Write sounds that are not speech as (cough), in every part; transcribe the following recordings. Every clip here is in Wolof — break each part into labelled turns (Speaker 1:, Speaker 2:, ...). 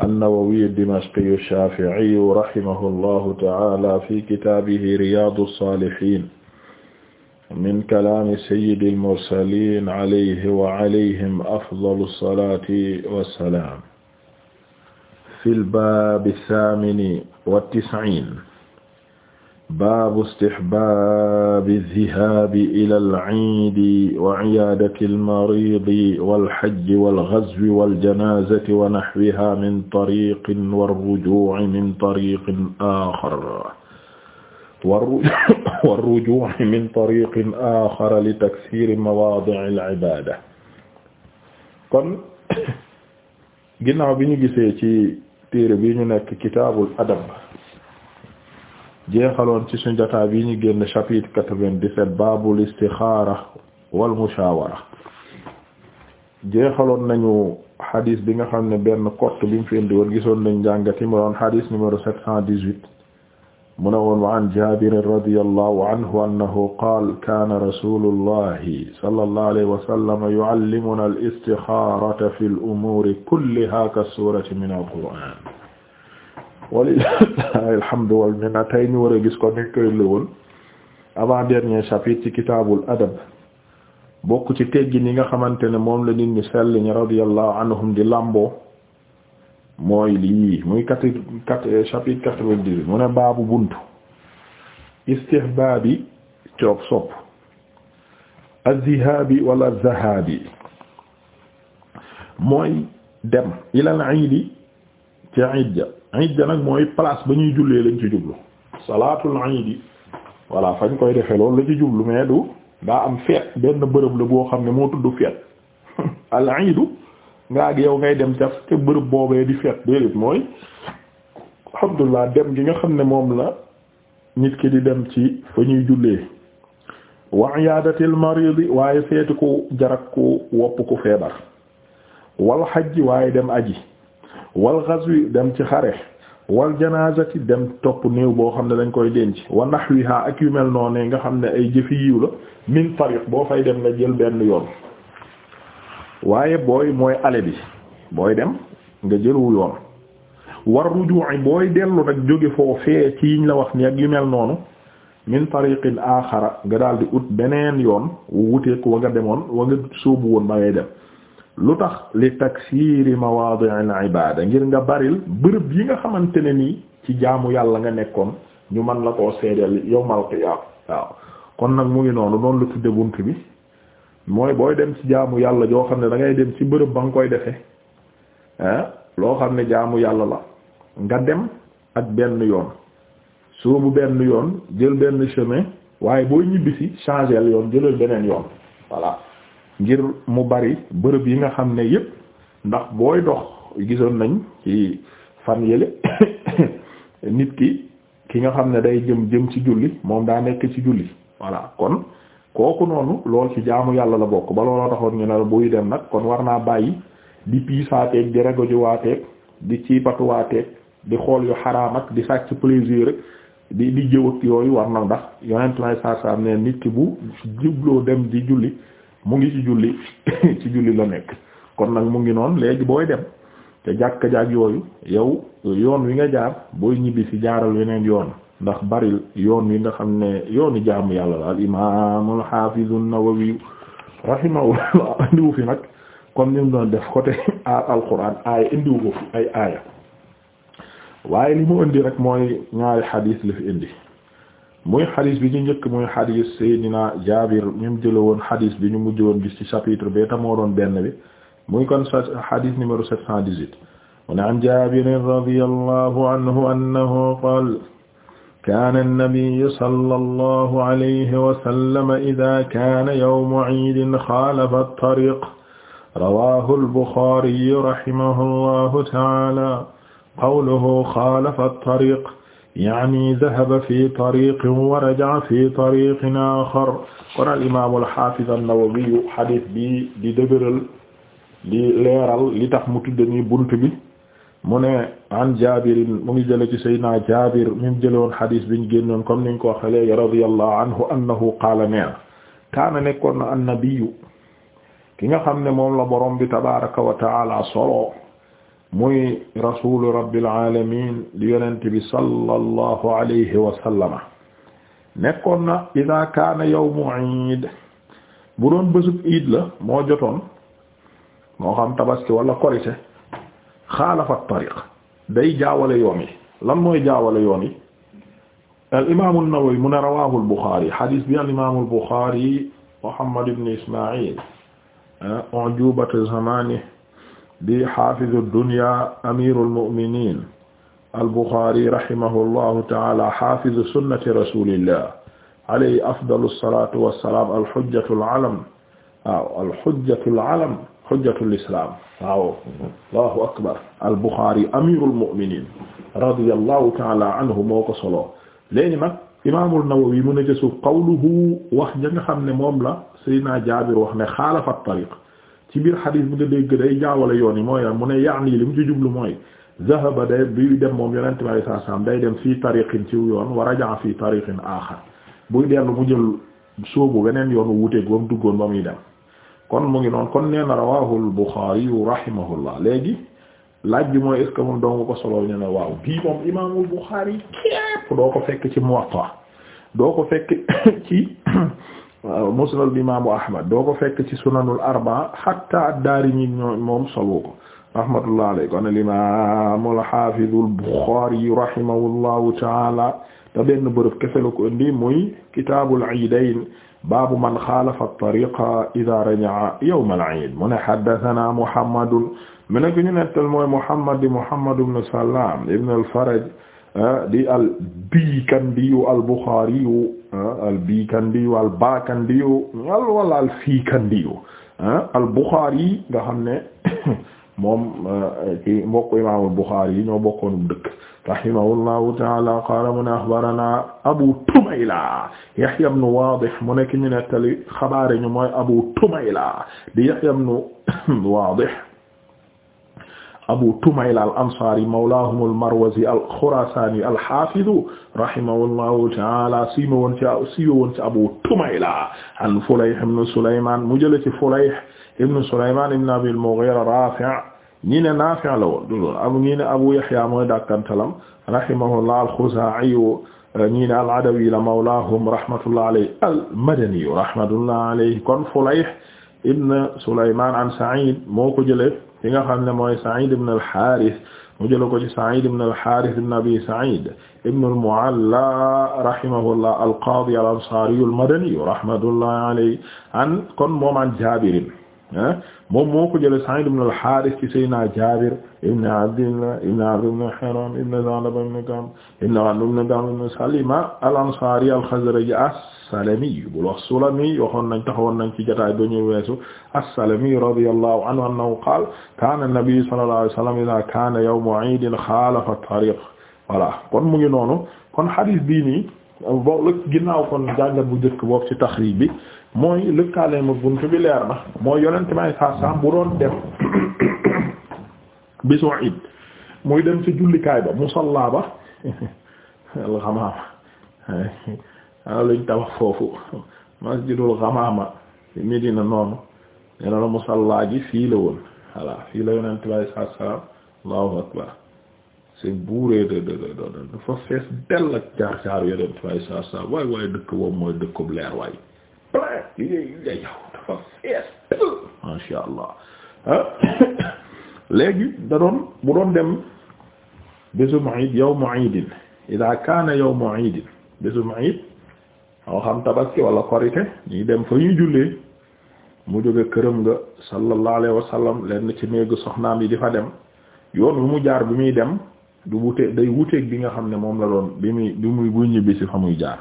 Speaker 1: an-Nawawi ad-Dimashqi ash-Shafi'i rahimahullahu ta'ala fi kitaabihi Riyaadu s-Saalihiin min kalaami sayyidil mursaliin alayhi wa alayhim afdalu s-salaati wa s-salaam fil baabi ath-thaamini wa t-tis'iin baabu istihbaabi dhihaabi ilal ciidi wa ciyaadati almaridi walxajji walgazwi waljanazati wa naxwiha min tariqin warrujuuci min tariqin aaxar warrujuuci (coughs) min tariqin aaxar li taksiiri mawaadici alcibaada kon (coughs) ginnaaw bi ñu gisee ci téere bi ñu nekk kitaabul adab jeexaloon ci suñu jotaay bi ñu génn chapitre quatre-vingt-dix-sept baabul istixaara wal mushaawara jeexaloon nañu hadith bi nga xam ne benn kott bi mu fi indi woon gisoon nañ njàngati mu doon hadith numéro sept cent dix-huit mu ne woon wa an Jaabir radiyallahu anhu annahu qaala kaana rasuulullahi sallallahu alayhi wa sallam yu'allimunaa al-istixaarata fil umuuri kullihaa ka suurati mina al-qur'aan walillahi alhamdu tey ñu war a gis ko ni koy lëwoon avant dernier chapitre ci kitaabul adab bokk ci teggin yi nga xamante ne moom la nit sell ñi radiyallahu anhum di làmboo mooy lii muy quatre quatre chapitre quatre mu ne baabu buntu istihbaabi coob sopp azzihabi wala zahabi mooy dem ilal iidi ci iid ja iid ja mooy place ba ñuy jullee lañ ci jublu salaatul iid yi voilà fañ koy defee loolu la ci jublu mais du daa am feet benn bërëb la boo xam ne moo tudd feet (laughs) al iidu nga ak yow ngay dem ca ca bërëb boobee di feet déedéet mooy gi nga xam ne moom la nit ki di dem ci fa ñuy jullee wa iyaadatil maridi waaye feeti ku jarak ku wopp ku feebar wal xajji waaye dem aji wal ghazwi dem ci xare wal janaazati dem topp néew boo xam ne lañ koy denc wa nahwiha ak yu mel noonu nga xam ne ay jëfi yiw la min tariq boo fay dem nga jël benn yoon waaye booy mooy ale bi booy dem nga jëlwu yoon war booy dellu nag jóge foofee ci yiñ la wax ni ak yu mel noonu min tariqin aaxara nga daal di ut beneen yoon wu wuteek wa nga demoon wa nga sóobu woon ba ngay dem lu tax li taksiiri na ibaada ngir nga baril bërëb yi nga xamante ne nii ci jaamu yàlla nga nekkoon ñu mën la koo seedeel yawmal qiyaama waaw kon nag mu ngi noonu noonu la tudde bunt bi mooy booy dem ci jaamu yàlla joo xam ne dangay dem ci bërëb ba nga koy defee ah loo xam ne jaamu yàlla la nga dem ak benn yoon soobu benn yoon jël benn chemin waaye boo ñibbisi changer yoon jëlal beneen yoon voilà ngir mu bari bërëb yi nga xam ne yépp ndax booy dox gisoon nañ ci fan yële (coughs) nit ki ki nga xam ne day jëm jëm ci julli moom daa nekk ci julli voilà kon kooku noonu lool ci jaamu yàlla la bokk ba looloo taxoon ñu ne la buy dem nag kon war naa bàyyi di piisaateeg di regojuwaateeg di ciipatuwaateeg di xool yu xaraam di sàcc plaisir di di jëw ak yooyu war na ndax yonent may saa ne nit ki bu jubloo dem di julli mu ngi ci julli (laughs) ci julli la nekk kon nag mu ngi noon léegi booy dem te jàkka jàkk yooyu yow yoon wi nga jaar booy ñibbi ci jaaral weneen yoon ndax bari yoon wi nga xam ne yoonu jaamu yàlla la al imaam al xaafiz an-Nawawi rahimahullah indiwu (laughs) fi nag kon ni mu doon def côté (laughs) alquran aaya indiwu ko fi ay aaya waaye li mu indi rek mooy ñaari xadiis la fi indi muy xadis bi ñu njëkk muy xadis Seydina Jaabir ñu jële woon xadis bi ñu mujj woon gis ci chapitre bi ta moo doon benn bi muy kon xadis numéro 718 mu ne an Jaabir radiyallahu anhu annahu qaala kaana an-nabiyyu sallallahu alayhi wa sallam idhaa kaana yawmu iidin xaalafa at-tariiq rawaahu al-Buxaari rahimahullahu ta'aala qawluhu xaalafa at-tariiq yaani dahaba fi tariqin wa raja'a fi tariqin axar kon al imaam al haafiz an-Nawawi hadith bi di dëgëral di leeral li tax mu tudde nii bunt bi mu ne an Jaabir mu ngi jële ci Seydina Jaabir mi mu jële woon hadith bi ñu génnoon comme ni ñu ko waxee léegi radiyallahu anhu annahu qaala neena kaana nekkoon na an-nabiyyu ki nga xam ne moom la borom bi tabaaraka wa ta'aala solo muy rasulu rabbil alamin di yonent bi sallallahu alayhi wa sallama nekkoon na ida kaana yawmu iid bu doon bésub iid la moo jotoon moo xam tabaski wala korite tariq day jaawale yoon lan mooy jaawale yoon yi al imam an-Nawawi mu ne rawahu al-Bukhari hadith bi al imam al-Bukhari Muhammad ibn Isma'il ah, ujubat zamani di xaafizu dunya amirul mu'minin al-Bukhari rahimahullahu ta'ala xaafizu sunnati rasulillah alayhi afdalu salatu wa salaam al-hujjatul alam waaw al-hujjatul alam hujjatul islam waaw allahu akbar al-Bukhari amirul mu'minin radiyallahu ta'ala anhu moo ko solo léegi nag imaamul Nawawi mu ne ci suuf qawluhu wax ja nga xam ne moom la Seydina Jaabir wax ne xaalafa tariq ci biir xadis bi nga dégg day jaawale yoon yi mooy mu ne yaani li mu ci jublu mooy zahaba day buy dem moom yonente bi saa saam day dem fii tariqin ci yoon wa raja'a fii tariqin aaxar buy dellu mu jël soobu weneen yoon wuuteeg ba mu duggoon ba muy dem kon mu ngi noonu kon nee na rawahu al-Bukhari rahimahullah léegi laaj bi mooy est ce que moom ko solo ñu ne waaw bii moom imaamul Bukhari képp doo ko fekk ci Muwatta doo ko fekk (coughs) ci. waaw musnad imaamu ahmad doo ko fekk ci sunanul arba hatta ad-Daarimi moom solo ko rahmatullah alayhi kon al-imaamul haafizul Buxaari rahimahullahu ta'ala te benn bërëb kese la ko indi muy kitaabul iidayn baabu man xaalafa at-tariiqa idaa raja'a yawmal iid mu ne haddasanaa Muhammadun mu ne ku ñu nettal mooy Muhammad di Muhammad ibn Salaam ibn al-Faraj ah, di al-Bikandi al-Buxaari Ah, al biikandiyu al baakandiyu al wala al fiikandiyu ah, al Buxaari yi nga xam ne (coughs) moom eh, ci mbokk imaam al Buxaari yi ñoo bokkoon dëkk rahimahullahu taala qaala mu ne axbarana Abu Tumayla Yahya ibn Waadih mu nekk ñu nettali xabaare ñu mooy Abu Tumayla di Yahya ibn (coughs) Waadih abu tumayl al ansari mawlaahum al marwazi al khurasani al hafiz rahimahullahu ta'ala siima woon ci siiwa woon ci abu tumayla an fulayh ibn sulayman mu jële ci fulayh ibn sulayman ibn abi al mughira rafi' ñi ne nafi' la woon dul abu ñi ne abu yahya mooy dakkantalam rahimahullah al khuzaa'i ñi ne al adawi la mawlaahum rahmatullah alayhi al madani rahmatullah alayhi kon fulayh ibn sulayman an sa'id moo ko jële li nga xam ne mooy Sa'id ibn al-Harith mu jëla ko ci Sa'id ibn al-Harith ibn Abi Sa'id ibn al-Mu'alla rahimahullah al-Qadi al-Ansari al-Madani rahmatullahi alayhi an kon moom an Jabir moom moo ko jële Sa'id ibn al-Harith ci Seydina Jabir ibn Abdillah ibn Amr ibn Haram ibn Zalaba ibn Ganm ibn Ganm ibn Salima al-Ansari al-Khazraji as-Salami bul wax Sulami waxoon nañ taxawoon nañ ci jotaay ba ñu weesu as-Salami radiyallahu anhu annahu qaala kaana an-nabiyyu sallallahu alayhi wa sallam idhaa kaana yawmu 'iidin xaalafa at-tariiq voilà kon mu ngi noonu kon hadith bii nii boo ginnaaw kon jàngat bu njëkk boobu ci taxriib bi mooy lëkkaale ma buntu bi leer na mooy yonent may saasaam bu doon dem (coughs) bisu iid muy dem ci jullikaay ba musalla ba (laughs) alxamaam (laughs) ah lañ tabax foofu masjidul xamaama ci Medina noonu nee na la musalla ji fii la woon voilà fii la yonent bi alayhi salaatu salaam allahu akbar c'est bourré dell ak jaar jaar yonent bi alayhi salaatu mooy dëkkub leer waay plein yéy yow dafa fees dell masha allah ah (coughs) léegi da doon bu doon dem bésum iid yawmu iidin idaa moo xam tabaski wala korite ñuy dem fa ñuy jullee mu jóge këram nga sallallahu alayhi wa sallam lenn ci néegu soxnaam yi di fa dem yoon wi mu jaar bi muy dem du wute day wuteeg bi nga xam ne moom la doon bi muy bi muy buy ñibbi si fa muy jaar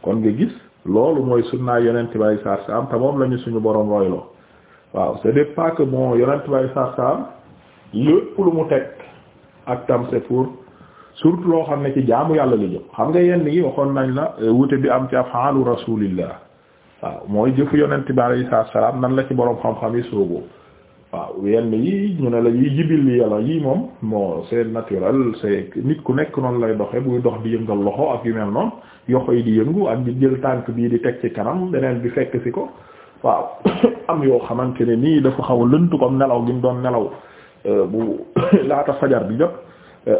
Speaker 1: kon nga gis loolu mooy sunnaa yonent bay saar saam te moom lañu suñu borom royloo waaw c'est pas que bon yonent bay saar saam lépp lu mu teg ak tam pour surtout loo xam ne ci jaamu yàlla la jëm xam nga yenn yi waxoon nañ la euh, wute bi am ci afaalu rasulillah waaw mooy jëfu yonent bi alayhi salaam nan la ci boroom xam-xam yi soogoo waaw yenn yi ñu ne la yi jibil li yàlla yi moom moo c'est naturel c'est nit ku nekk noonu lay doxe buy dox di yëngal loxo ak yu mel noonu yoxo yi di yëngu ak jël tànk bii di teg ci kanam beneen bi fekk si ko waaw (coughs) am yoo xamante ne nii dafa xaw a lëntu comme nelaw gi mu doon nelaw euh, bu (coughs) laata fajar bi jot euh,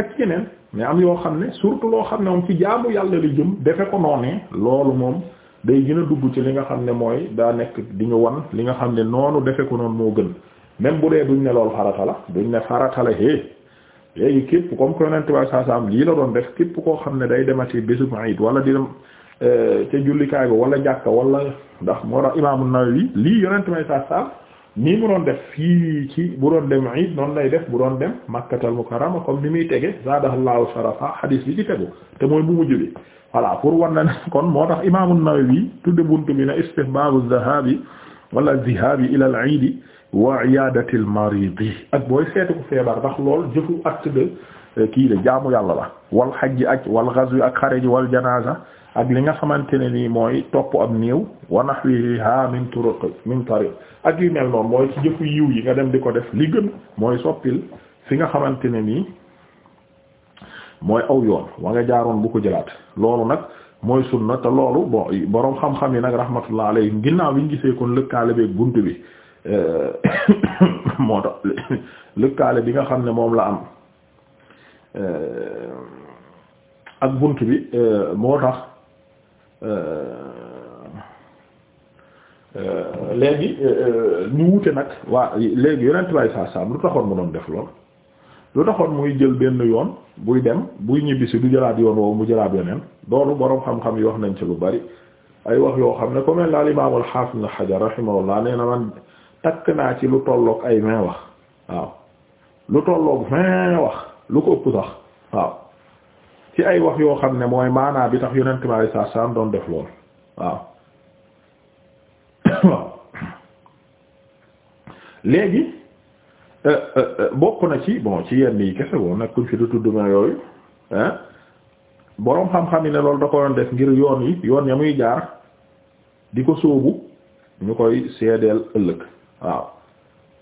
Speaker 1: ak yeneen mais am yoo xam ne surtout loo xam ne moom ci jaamu yàlla li jëm defe ko noonee loolu moom day gën a dugg ci li nga xam ne mooy daa nekk di ñu wan li nga xam ne noonu defe ko noonu moo gën même bu dee duñ ne lool farata la duñ ne farata la hé léegi képp comme que yonent bi saa saam lii la doon def képp koo xam ne day demati bésu Iid wala di dem euh, ca jullikaay bi wala jàkka wala ndax moo tax Imaam An-Nawawi lii yonent bi saa saam nii mu doon fii ci bu doon dem iid noonu lay def bu doon dem makkatal mukarrama comme ni muy tege zaadahallahu sharafa hadis bi ci tegu te mooy bu mujj bi voilà pour wan na (laughs) kon moo tax imaamu Nawawi tudde buntu bi na istihbaabu dhahabi wala dhahabi ila al-iid wa iyaadati al-mariid ak booy seetu ko feebar ndax lool jëfu acte de eh, kii de jaamu yàlla la wal hajj ak wal ghazwi ak xare ji wal janaaza ak li nga xamante ne nii mooy topp am néew wa nahwiha min turuq min tariq ak yu mel noonu mooy ci jëfu yiw yi nga dem di ko def li gën mooy soppil fi nga xamante ne nii mooy aw yoon wa nga jaaroon bu ko jëlaat loolu nag mooy sunna te loolu bon boroom xam-xam yi nag rahmatullah alayhim ginnaaw bi ñu gisee kon lëkkaale beeg bunt bi euh, (coughs) moo tax bi nga xam ne moom la am euh, ak bunt bi euh, moo tax Euh, euh, léegi euh, ñu wute nag waa léegi yonent bay saa saam lu taxoon ma doon def lool lu taxoon muy jël benn yoon buy dem buy ñibbisi du jëlaat yoon woowu mu jëlaat yeneen loolu boroom xam-xam yi wax nañ ci lu bari ay wax yoo xam ne comme al imaam al hafiz ibn Hajar rahimahullah neena na man takk naa ci lu tolloog ay vingt wax waaw lu tolloog vingt wax lu ko ëpp sax waaw ci ay wax yoo xam ne mooy maanaa bi tax yonent bi alayhi salaatu doon def lool waaw waaw léegi euh, euh, euh, bokk na ci bon ci yenn yi kese boo nag fi du tudd ma yooyu boroom xam-xam yi ne loolu da ko def ngir yoon yi yoon ya muy jaar di ko sóobu ñu koy seedeel ëllëg waaw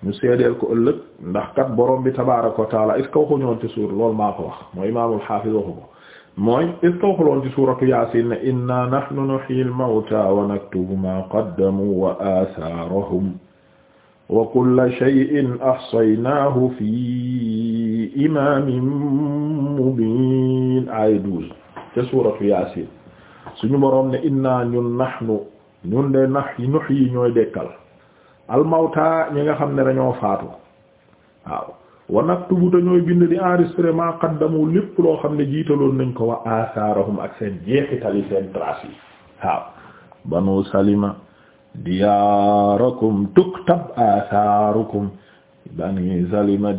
Speaker 1: ñu seedeel ko ëllëg ndax kat borom bi tabaaraka wa taala est-ce que waxuñoon ci suur loolu maa ko wax mooy imaamul xaafis waxu ko mooy est-ce que waxuloon ci suuratu yaasin ne inna nahnu nuhyi al-mawta wa naktubu ma qaddamu wa athaarahum wa kulla shay'in ahsaynaahu fi imaamin mubiin ay douze ca suuratu yaasin suñu boroom ne inna ñun nahnu ñun de nahyi nuhyi ñooy dekkal al-mawta ñi nga xam ne dañoo faatu waaw wa naktubu te ñooy bind di enregistré ma qaddamu lépp loo xam ne jiitaloon nañ ko wa atharahum ak seen jeexitali seen trace yi waaw banu salima diyaarakum tuktab atharukum bani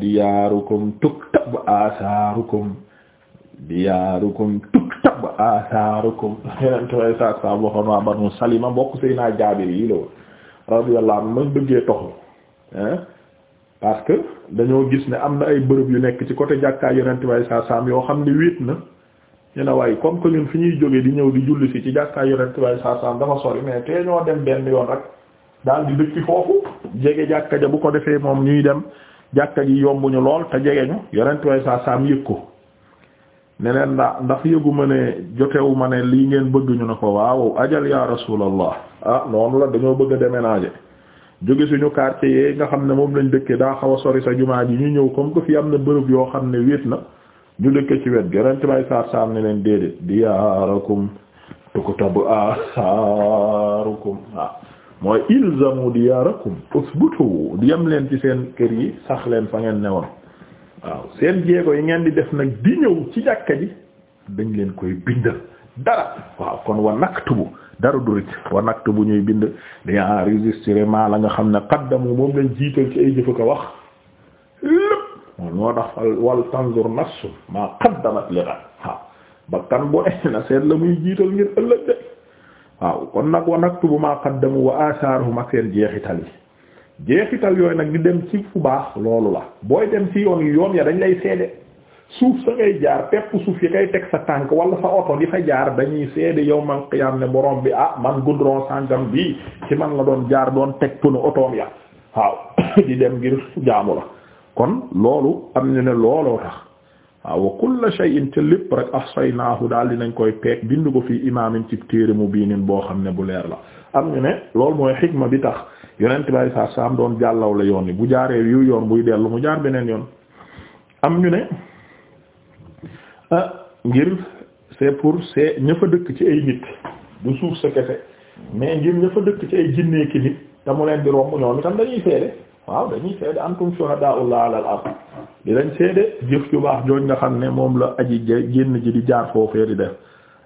Speaker 1: diyaarukum tuktab atharukum yeneen te way sa waa banu salima bokk sëy naa jaabir yi la woon radiyallahu anhu mañ bëggee toxu parce que dañoo gis ne am na ay bërëb yu nekk ci côté jàkkaay yonent bay saa saam yoo xam ne wéet na ñu ne waaye comme que ñun fi ñuy jógee di ñëw di julli si ci jàkkaay yonent bay saa saam dafa sori mais te ñoo dem benn yoon rek daal di dëkk foofu jege jàkka ja bu ko defee moom ñuy dem jàkka ji yombuñu lool te jege ñu yonent bay saa saam yëg ko ne leen ndax ndax yëgu ma ne jotewu ma ne lii ngeen bëgg ñu ne ko waaw ajal ya rasulallah ah noonu la dañoo bëgg a déménager jóge suñu quartier yi nga xam ne moom lañ dëkkee daa xaw a sori sa jumaa ji ñu ñëw comme que fi am na bërëb yoo xam ne wéet na ñu dëkkee ci wet yonent may saar saam ne leen déedéet diyaarakum tukutabu asaarukum waaw mooy ilzamu diyaarakum usbutu di yem leen ci seen kër yi sax leen fa ngeen newoon waaw seen jéego yi ngeen di def nag di ñëw ci jàkka ji dañ leen koy bindal dara waaw kon wa naktubu dara du rëcc wa nag bu ñuy bind di enregistré ma la nga xam ne qaddamu moom lañ jiital ci ay jëfa ko wax lépp moom moo tax wal tanzur nafsu maa qaddamat li ghad waaw bakkan bu ne na seet la muy jiital ngir ëllëg de waaw kon nag wa naktubu maa qaddamu wa asaarahum ak seen jeexital yi jeexital yooyu nag di dem ci fu baax loolu la booy dem ci yoon yi yoon ya dañ lay seede suuf sa ngay jaar pepp suuf yi ngay teg sa tànk wala sa oto di fa jaar dañuy seede yawmal qiyaam ne borom bi ah man goudron sàngam bii ci man la doon jaar doon teg pneu otoom ya waaw (coughs) di dem ngir jaamu la kon loolu am ñu ne looloo tax waaw wa kulla shay'in te lépp rek ahsaynaahu daal dinañ koy peeg bind ko fii imaamin ci téere mu biinin boo xam ne bu leer la am ñu ne loolu mooy xikma bi tax yonent bay sa saam doon jàllaw la yoon yi bu jaaree yu yoon buy dellu mu jaar beneen yoon am ñu ne Ah, ngir c'est pour c'est ña dëkk ci ay nit du suuf sa kese mais ngir ña dëkk ci ay jinnee ki nit te mu leen di romb ñoom itam dañuy seede waaw dañuy seede antum shuhadaa'ullahi ala al-ard nga xam ne moom la aji génn ji di jaar foofee di def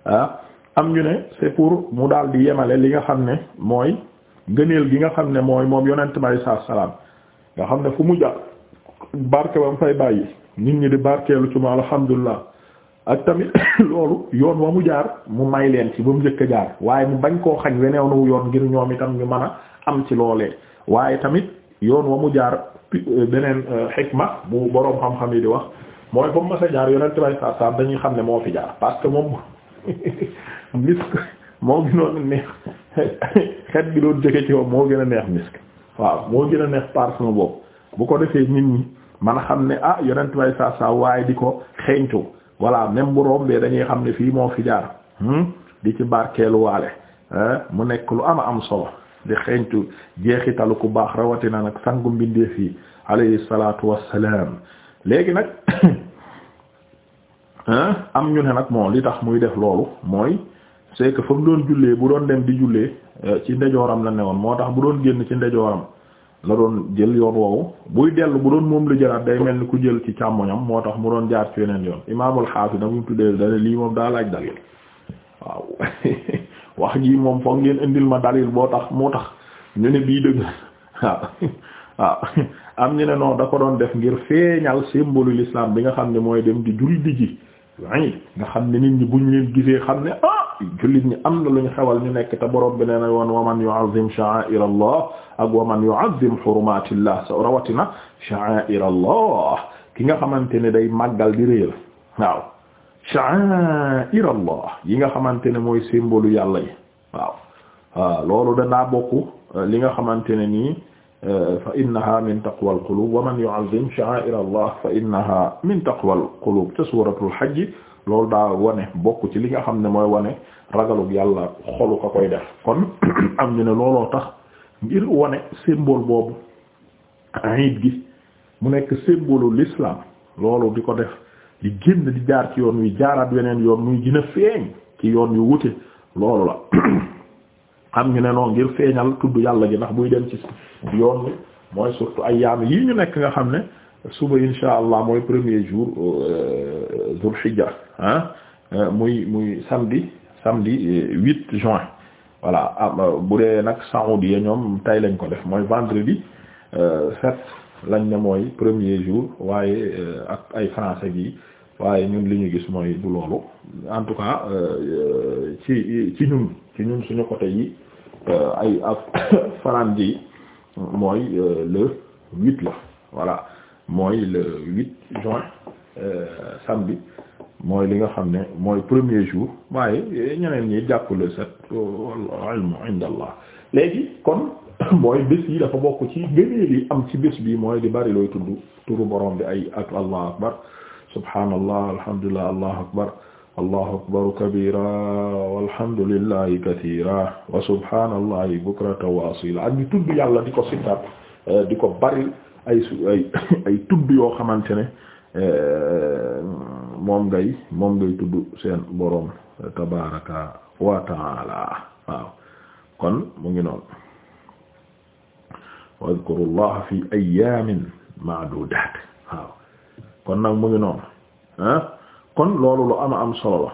Speaker 1: ah am ñu ne c'est pour mu daal di yemale li nga xam ne mooy gëneel gi nga xam ne mooy moom yonent mi alayhi salaam nga xam ne fu mu jàpp barke ba mu fay bàyyi nit ñi di barkeelu ci ma alhamdulillah ak tamit (coughs) loolu yoon wa mu jaar mu may leen ci ba mu njëkk a jaar waaye mu bañ koo xañ weneew nawu yoon ngir ñoom itam ñu mën a am ci loolee waaye tamit yoon wa mu jaar euh, beneen euh, xikma bu boroom xam-xam yi di wax mooy ba mu mas a jaar dañuy xam ne moo fi jaar parce que moom (laughs) misk moo gënoon a neex (laughs) xet gi doon jóge ci yow moo gën a neex misk waaw moo gën a neex parfum boobu bu ko defee nit ñi man a xam ne ah yonent bay sa waaye di ko xeeñtu voilà même bu rombee dañuy xam ne fii moo fi jaar hmm? di ci barkeelu waale eh? mu nekk lu ama am solo di xeeñtu jeexitalu ku baax rawatina nag sangu mbindeef yi alayhi salaatu wassalaam léegi nag (coughs) eh? am ñu ne nag moom li tax muy def loolu mooy c'est que fa mu doon jullee bu doon dem di jullee eh, ci ndejooram la ne woon moo tax bu doon génn ci ndejooram la doon jël yoon woowu buy dellu bu doon moom la jëlaat day mel ni ku jël ci càmmoñam moo tax mu doon jaar ci yeneen yoon imaamul xaafis nag bu mu tuddee dana lii moom daa laaj (laughs) moom foog ngeen indil ma dalil boo tax moo tax ñu ne bii dëgg (laughs) waaw waaw am doon def ngir feeñal symbole l'islam bi nga xam ne mooy dem di julli di ji nga xam ne nit ñi buñ leen gisee xam ne ah yi jullit ñi am na lu ñu xewal ñu nekk te borom bi nee na woon wa man yu'azzim sha'a'ira Allah ak wa man yu'azzim hurumatillah sa rawatina sha'a'ira Allah ki nga xamante ne day màggal di réer waaw sha'a'ira Allah yi nga xamante ne mooy symbole yàlla yi waaw waaw ah, loolu danaa bokk eh, li nga xamante ne nii eh, fa innaha min taqwa al wa man yu'azzim sha'a'ira Allah fa min taqwa al-qulub te suuratul loolu daa wane bokk ci li nga xam ne mooy wane ragalug yàlla xolu ka koy def kon (clears throat) am ñu ne looloo tax ngir wane symbole boobu ayit gi mu nekk symbole l'islam loolu di ko def di génn di jaar ci yoon wi jaaraat weneen yoon muy gën feeñ ci yoon yu wute loolu la (clears throat) am ñu ne noo ngir feeñal tudd yàlla gi ndax muy dem ci yoon wi mooy surtout ay yaam yii ñu nekk nga xam ne suba insha allah mooy premier jour euh, Dhul Hijja ah muy muy samedi samedi euh, huit juin voilà ah, bu dee nag saoudia ñoom tay lañ ko def mooy vendredi sept lañ ne mooy premier jour waaye ak ay français gi waaye ñun li ñu gis mooy du loolu en tout cas ci ci ñun ci ñun suñu côté yi ay ak (coughs) farande yi mooy le huit la voilà mooy le huit juin euh, samedi mooy li nga xam ne mooy premier jour waaye ñeneen ñi jàpp le sept wal ilmu inda allah léegi kon (coughs) mooy bés yi dafa bokk ci gënee li am ci bés bi mooy di bari looy tudd turu borom bi ay ak allahu akbar subhanallah alhamdulillah allahu akbar allahu akbaru kabira walhamdulillahi katira wa subhanallahi bukratan wa asila ak di tudd yàlla di ko sitat euh, di ko bari ay su ay (coughs) ay tudd yoo xamante ne eh, moom ngay moom ngay tudd seen boroom tabaraka wa taala waaw kon mu ngi noonu wadhkuru llaha fi ayyamin ma'dudat waaw kon nag mu ngi noonu ah kon loolu lu ama am solo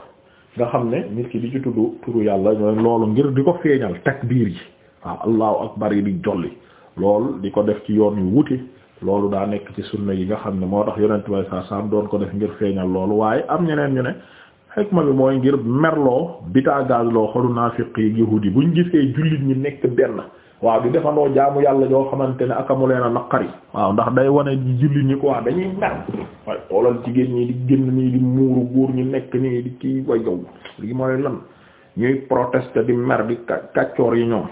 Speaker 1: la nga xam ne nit ki di ci tudd turu yàlla ñooy loolu ngir di ko feeñal takbiir yi waaw allahu akbar yi di jolli lool di ko def ci yoon yu wuute loolu daa nekk ci sunna yi nga xam ne moo tax yonent way sa sam doon ko def ngir feeñal loolu waaye am ñeneen ñu ne xikma bi mooy ngir merloo bitaa gazloo xolu naafiq yi yahuud yi buñ gisee jullit ñi nekk benn waaw di defandoo jaamu yàlla joo xamante ne akamu leen a naqari waaw ndax day wane jullit ñi quoi dañuy mer waaye xoolal jigéen ñi di génn ñii di muuru góor ñu nekk nii di kii way yow lii mooy lan ñuy protester di mer di kaccoor yi ñoom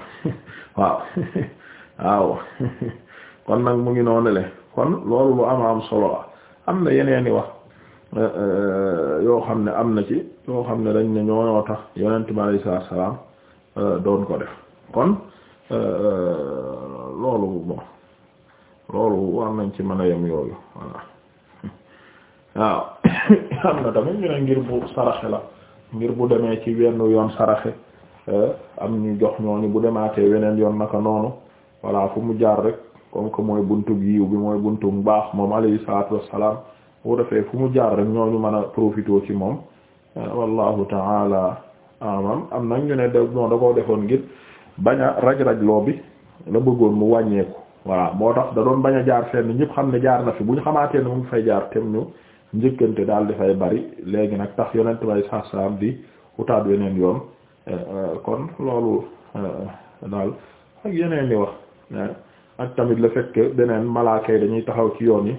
Speaker 1: (laughs) (laughs) (laughs) kon nag mu ngi noonu le kon loolu lu am am solo am na yeneen i wax euh, euh, yoo xam ne am na ci yoo xam ne dañ ne ñoo tax yonent bi alayhi salaatu salaam euh, doon ko def kon loolu bon nañ ci mën a yem yooyu voilà (laughs) waaw (coughs) am na tamit ñu ne ngir bu saraxe la ngir bu demee ci wenn yoon saraxe am ñu jox ñooñu bu demaatee weneen yoon naka noonu voilà fu mu jaar rek. comme que mooy buntub yiw bi mooy buntub mbaax moom alayhi salaatu wassalaam boo defee fu mu jaar rek ñooñu mën a profité ci moom euh, wallahu taala amam am nag ñu ne da non da koo defoon ngir bañ a raj-raj loo bi la bëggoon mu wàññeeku voilà moo tax da doon bañ a jaar fenn ñëpp xam ne jaar na fi bu ñu xamaatee ne mu fay jaar tem ñu njëkkante daal dafay bari léegi nag tax yonent bay sasaam bi utaat weneen yoon euh, euh, kon loolu daal ak yeneen ni wax ak tamit la fait beneen malaaka dañuy taxaw ci yoon yi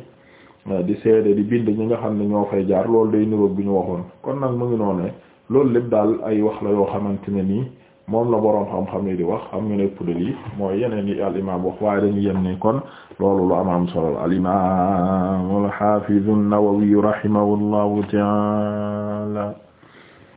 Speaker 1: euh, di seede di bind ñi nga xam ne ñoo fay jaar loolu day niroog bu ñu waxoon kon nag mu ngi noonee loolu lépp daal ay wax la yoo xamante ne nii moom la boroom xam-xam yi di wax am nga ne puddal yi mooy yeneen yi al imaam wax waaye dañu yem ni kon loolu lu am am solo al imaam al xaafiz an-Nawawi rahimahullahu ta'ala